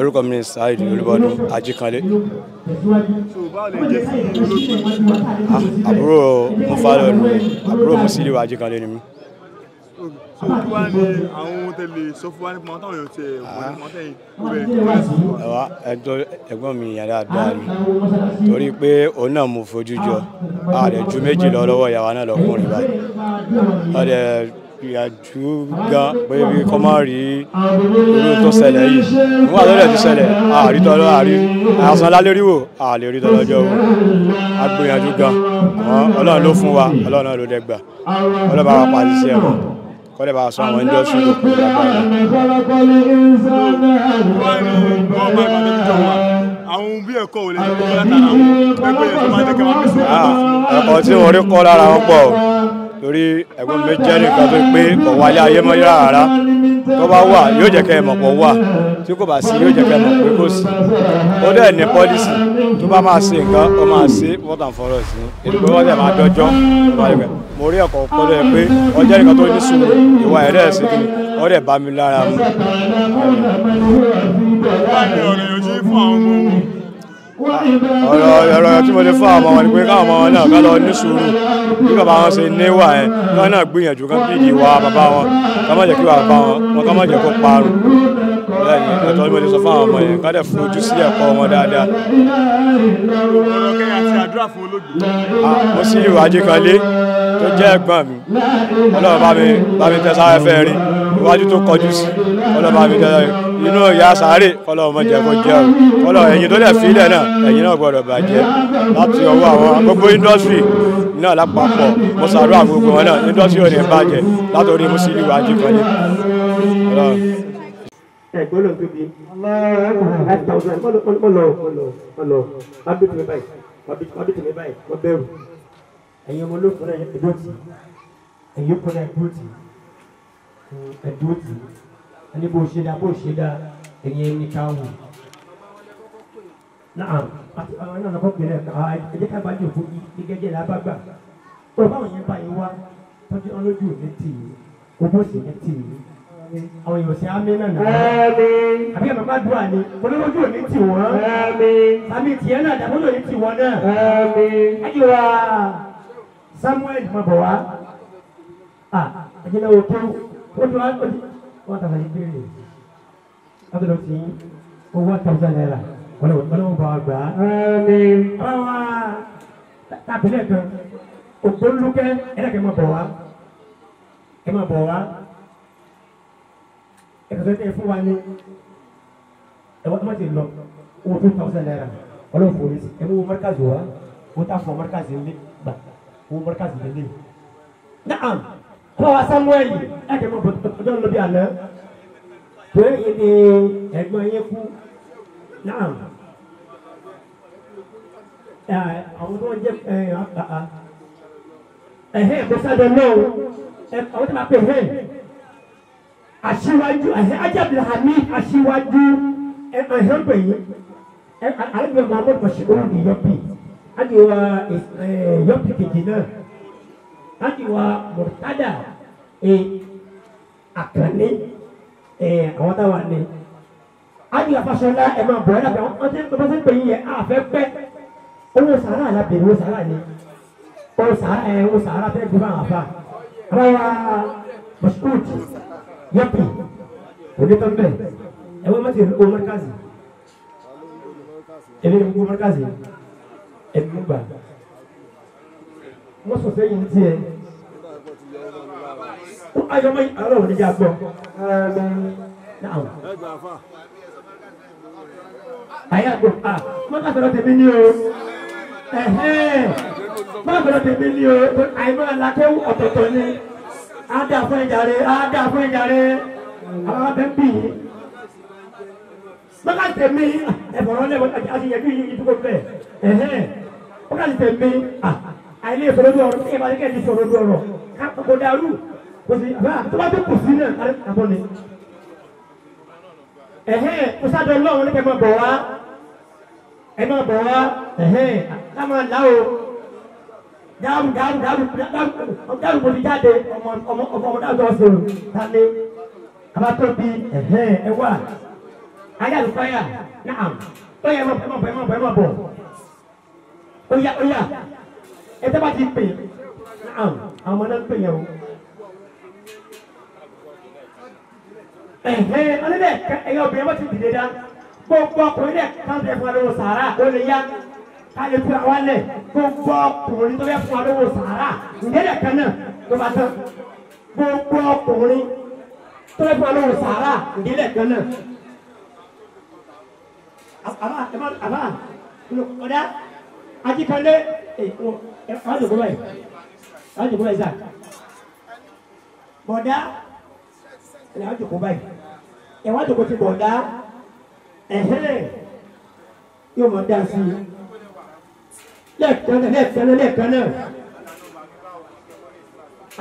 orúkọ mi ni saheed olúbọdún ajíkanlé ah, àbúrò mufalo ni àbúrò musiliu ajíkanlé ni mi. àwa ẹjọ́ ẹ̀gbọ́n mi yàrá dáa ni torí pé òun náà mo fojú jọ àrẹ ju méjì lọ lọ́wọ́ ìyàwó náà lọ́kùnrin báyìí gbìyànjú gan pé bí kọ́ máa rí irú tó yìí nígbà tó lẹ̀ ti ṣẹlẹ̀ àrítọ́lọ́ àrí àsan láléríwò àlérí tọ́lọ́jọ́ o a gbìyànjú gan ọlọ́run ló fún wa ọlọ́run náà ló dẹ́gbà ọlọ́run bá wa pa àṣìṣe ẹ̀rọ kọ́lẹ̀ bá a sọ àwọn ẹni lọ́sùn tó kù lágbára. àwọn bí ò lè jẹ́ kó látara àwọn ẹgbẹ́ máa jẹ́ kí wọ́n fi sùn. Ah, ẹ̀kọ́ tí lára wọn pọ̀ torí ẹ̀gbọ́n mi jẹ́ nìkan tó pé kò wáyé ayé rárá tó bá wà yóò jẹ́ kẹ́ ẹ mọ̀ pọ̀ wà tí kò bá sí yóò jẹ́ kẹ́ ẹ mọ̀ pé kò sí ó dẹ̀ ní pọ́lísì tó bá máa ṣe nǹkan ó máa ṣe wọ́tàn fọ́rọ̀ sí èdè pé wọ́n dẹ̀ máa dọ́jọ́ mo rí ẹ̀kọ́ kọ́lẹ̀ pé ọjọ́ nìkan tó ní sùúrù ìwà ẹ̀rẹ́ ẹ̀sìn kìíní ó dẹ̀ bá mi lára mu. wọ́n á ojú fún àwọn ọmọ ọ̀rọ̀ ọ̀rọ̀ tí mo lè fún àwọn ọmọ ni pé káwọn ọmọ náà ká lọ ní sùúrù bí bàbá wọn ṣe níwà ẹ̀ káwọn náà gbìyànjú kán bí ìwà bàbá wọn ká má jẹ́ kí wà bá wọn wọn ká má jẹ́ kó parun bẹ́ẹ̀ni ẹ̀tọ́ ni mo lè sọ fún àwọn ọmọ yẹn ká dẹ̀ fún ojú sí ẹ̀kọ́ wọn dáadáa. mo sì ìwà ajíkanlé tó jẹ́ ẹ̀gbọ́n mi ọlọ́run bá mi bá mi tẹ sáré fẹ́ rí iwájú tó kọjú sí ọlọ́run bá mi tẹ sáré inú ìyá sáré kọ́lọ́ ọmọ jẹ́ kó jẹ́ o kọ́lọ́ ẹ̀yin tó lẹ̀ fílẹ̀ náà ẹ̀yin náà gbọ́dọ̀ bàjẹ́ láti ọwọ́ àwọn gbogbo indọ́sírì náà lápapọ̀ mo ṣàdúrà gbogbo wọn náà indọ́sírì ò ní bàjẹ́ látòrí Musili wájú kan ní ẹgbọ́n lọ́n tóbi five thousand ọlọ ọlọ ọlọ wàá bí tèmi báyìí wàá bí tèmi báyìí wọ́n bẹ̀rù ẹ̀yin ọmọ olóòfin náà ẹ̀dọ́tì ẹ̀yin kọ́lá ẹ̀dọ́tì ẹ̀dọ́tì ẹni bó ṣe dáa bó ṣe dáa ẹ̀yìn ẹni ká wù. náà àti àwọn náà lọ́kọ́ pèrè ẹ̀ka ẹ̀jẹ̀ ká bá jò fún yí ní gẹ́gẹ́ la bá gbà. yẹn báyìí wá tọ́jú ọlójú mi tì í ogbó sì mi tì í àwọn èèyàn sì ámì náà náà àbí ẹ̀ bàbá dùn àní olówójú ò tì wọ́n àmì tìyẹn náà dàbọ́dọ̀ ní tì wọ́n náà ẹ̀jẹ̀ wá Samuel mọ̀ bọ̀ wá. Ah, ajẹ́lẹ̀ òkú, ó ti one thousand yìí béèrè lọ́dọ̀ tí owó one thousand naira ọlọ́wọ́ bá wa gbà á. ẹni ọlọ́wọ́ tábìlẹ̀ kan ògbólúkẹ́ ẹ̀ẹ́dẹ̀kẹ́ máa bọ̀ wá ẹ máa bọ̀ wá ẹ̀kọ́tọ́ tẹ̀ fún wa ní ẹ̀wọ́n tó má ti lọ owó two thousand naira ọlọ́wọ́ fòrí sí ẹ̀ mú owó mọ́ríkàzì wá owó tá a fọ mọ́ríkàzì ńlẹ̀ gbà owó mọ́ríkàzì ńlẹ̀ náà kọ́ Samuel ẹ̀jẹ̀ mọ̀ ọjọ́ ló bí àná pé ìní ẹ̀gbọ́n yẹn kú náà àwọn tó ń jẹ ẹ̀hẹ́ ìgbésàdọ̀ náà àwọn tó máa pè hẹ́ aṣíwájú ẹ̀hẹ́ ajábìlì hami aṣíwájú ẹ̀hẹ́ pè yín alábìlì Muhammad Bashir olùdíyọ́pì àti yọ́pì kejì náà kájíwá mọ̀tádà ẹ àkànní ẹ àwọn táwa ní. ájíwá fasọlá ẹ máa bọ̀ ẹ́ lábẹ́ wọn ti ń pẹ́ pẹ́ yín yẹn àfẹ́ pẹ́ owó sàárà lábẹ́ owó sàárà ni owó sàárà ẹ owó sàárà fẹ́ gbé fáwọn àfa àbáwá mọ̀sùkúùtì yọ̀pì onítọ́ńbẹ̀ ẹ wọ́n mọ̀tì owó mọ́ríkàzì ẹ lè mú owó mọ́ríkàzì ẹ mú gbà mọ́sọ̀ sẹ́yìn ní tiẹ̀. ayọ̀mọ́ ọlọ́run níjà gbọ́. àyà gbọ́ a mọ́tà sọ̀rọ̀ tèmi ní o mọ́tà sọ̀rọ̀ tèmi ní o àìmọ́ alákẹ́wù ọ̀tọ̀ọ̀tọ̀ ni á dà fún ìjàre á dà fún ìjàre àwọn abẹ́ ń bì yìí mọ́tà tèmi ẹ̀fọ̀rọ̀ lẹ́wọ̀n àti ìyẹ̀dú yìí dúró bẹ́ẹ̀ ọ̀tà tèmi àìlè ìfọwọ́ bí ọ̀rọ̀ ẹ̀ bá ní kẹ́ẹ̀dì ìfọwọ́ bí ọ̀rọ̀ kò dàrú kò sí tó bá tó kù sí náà àbọ̀ ni. ẹ̀hẹ́n kò sábẹ́ lọ́wọ́ ní kẹ́ máa bọ̀ wá ẹ máa bọ̀ wá ẹ̀hẹ́n ká máa là o dáàbù dáàbù dáàbù dáàbù kò ní jáde ọmọ ọmọ ọmọ dáàbù tó sọ̀rọ̀ tani abatọ́ bi ẹ̀hẹ́n ẹ wà ayé àlùfáyà náà ó yẹ ẹ máa bọ̀ ẹ máa bọ̀ ẹ máa bọ̀ ó yá ó yá ẹtẹ bá ti pè àwọn ọmọ náà ń pè yẹn o. ẹ̀hẹ́n ọlọ́dẹ ẹ̀yà obìnrin bá ti dìde dá gbogbo ọkùnrin dẹ̀ káńtì ẹ̀fọn lówó sàárà ó lè yá k'ale fi awa lẹ gbogbo ọkùnrin tó bẹ fún alówó sàárà ǹjẹ́dẹ̀ kan náà ló bá tán gbogbo ọkùnrin tó bẹ fún alówó sàárà ǹjẹ́dẹ̀ kan náà. àbá àbá ọ̀dà. Akíkanlé eh, ajòkó báyìí ajòkó báyìí sà bọ̀dá ẹ̀ ajòkó báyìí ẹ̀ wá jòkó ti bọ̀dá ẹ̀hẹ́n yóò mọ̀ dá sí i lẹ́ẹ̀kan náà lẹ́ẹ̀kan náà lẹ́ẹ̀kan náà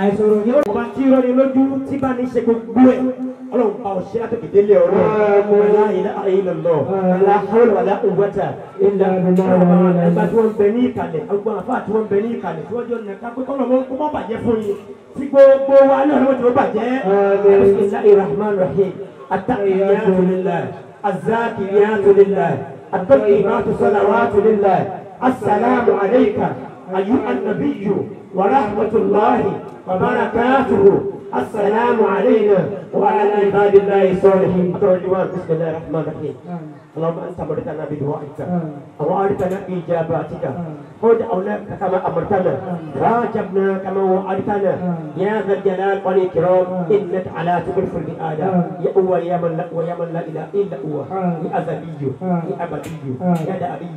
àìsòrò yẹn wọ́n bá tí rọ́ni lójú tí bá ní ṣe gbogbo ẹ̀ ọlọ́run bá ọ̀ṣẹ́ látòkè délé ọ̀rọ̀ ọ̀la ìlà lọ ọ̀la ọ̀la ọ̀la òwúwẹ́tà ìlà àgbà tí wọ́n ń bẹ ní ìkàlẹ̀ àgbà àfà tí wọ́n ń bẹ ní ìkàlẹ̀ tí wọ́n jọ nà kápẹ́ kọ́nà mọ́ kó má bàjẹ́ fún yín tí أيها النبي ورحمة الله وبركاته السلام علينا وعلى عباد الله الصالحين الرجوان بسم الله الرحمن الرحيم اللهم أنت مرتنا بدعائك وأردتنا إجاباتك خذ أولادك كما أمرتنا آه. راجبنا كما وعدتنا آه. يا ذا الجلال والإكرام آه. إنك على تغلف البئاد يا أوى يا من لا ويا من لا إله إلا هو يا أزلي يا أبدي يا دأبي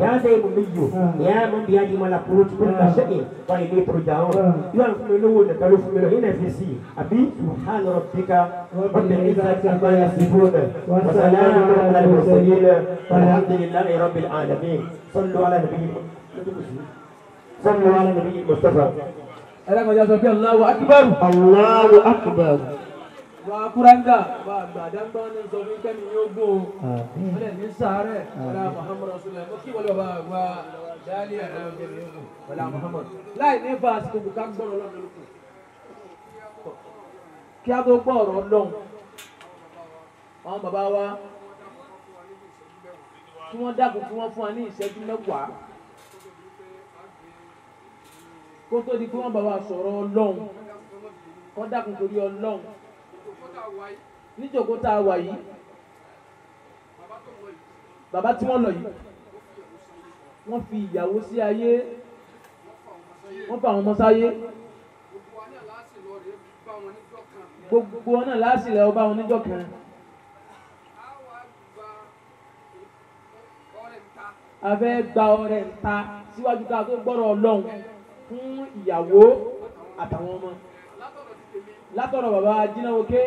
يا ديمومي يا من بيده ملكوت كل شيء وإليه ترجعون يغفلون كالمؤمنون هنا في سي أبي سبحان ربك رب العزة عما يصفون وسلام على المرسلين والحمد لله رب العالمين صلوا على نبي صلوا على نبي المصطفى ẹlẹ́ kan yàtọ̀ bí Allahu Akbar. Allahu Akbar. wà á kúráńgà wà á gbàdágbà ní sọ fún kẹ́mi yóò gbó Muhammad rasulillah mo kí wọ́n lọ́ba wa dáálí ẹ̀rọ kẹ́mi Muhammad. láì ní bá a sì gbogbo ká gbọ́dọ̀ lọ́dọ̀ lóko. kí a wa kí wọ́n dákun kí wọ́n fún wa ní ìṣẹ́jú mẹ́wàá kó tó di kí wọ́n bá wa sọ̀rọ̀ ọlọ́run kó dákun torí ọlọ́run níjòkó tá a wà yìí bàbá tí wọ́n lọ yìí wọ́n fi ìyàwó sí ayé wọ́n fa àwọn ọmọ sáyé gbogbo wọn náà láàsì lẹ́wọ́ bá wọn níjọ́ kan. abẹ́ gba ọrẹ ta síwájú ká tó gbọ́rọ̀ ọlọ́run fún ìyàwó àtàwọn ọmọ látọ̀rọ̀ bàbá jìnnà Okay?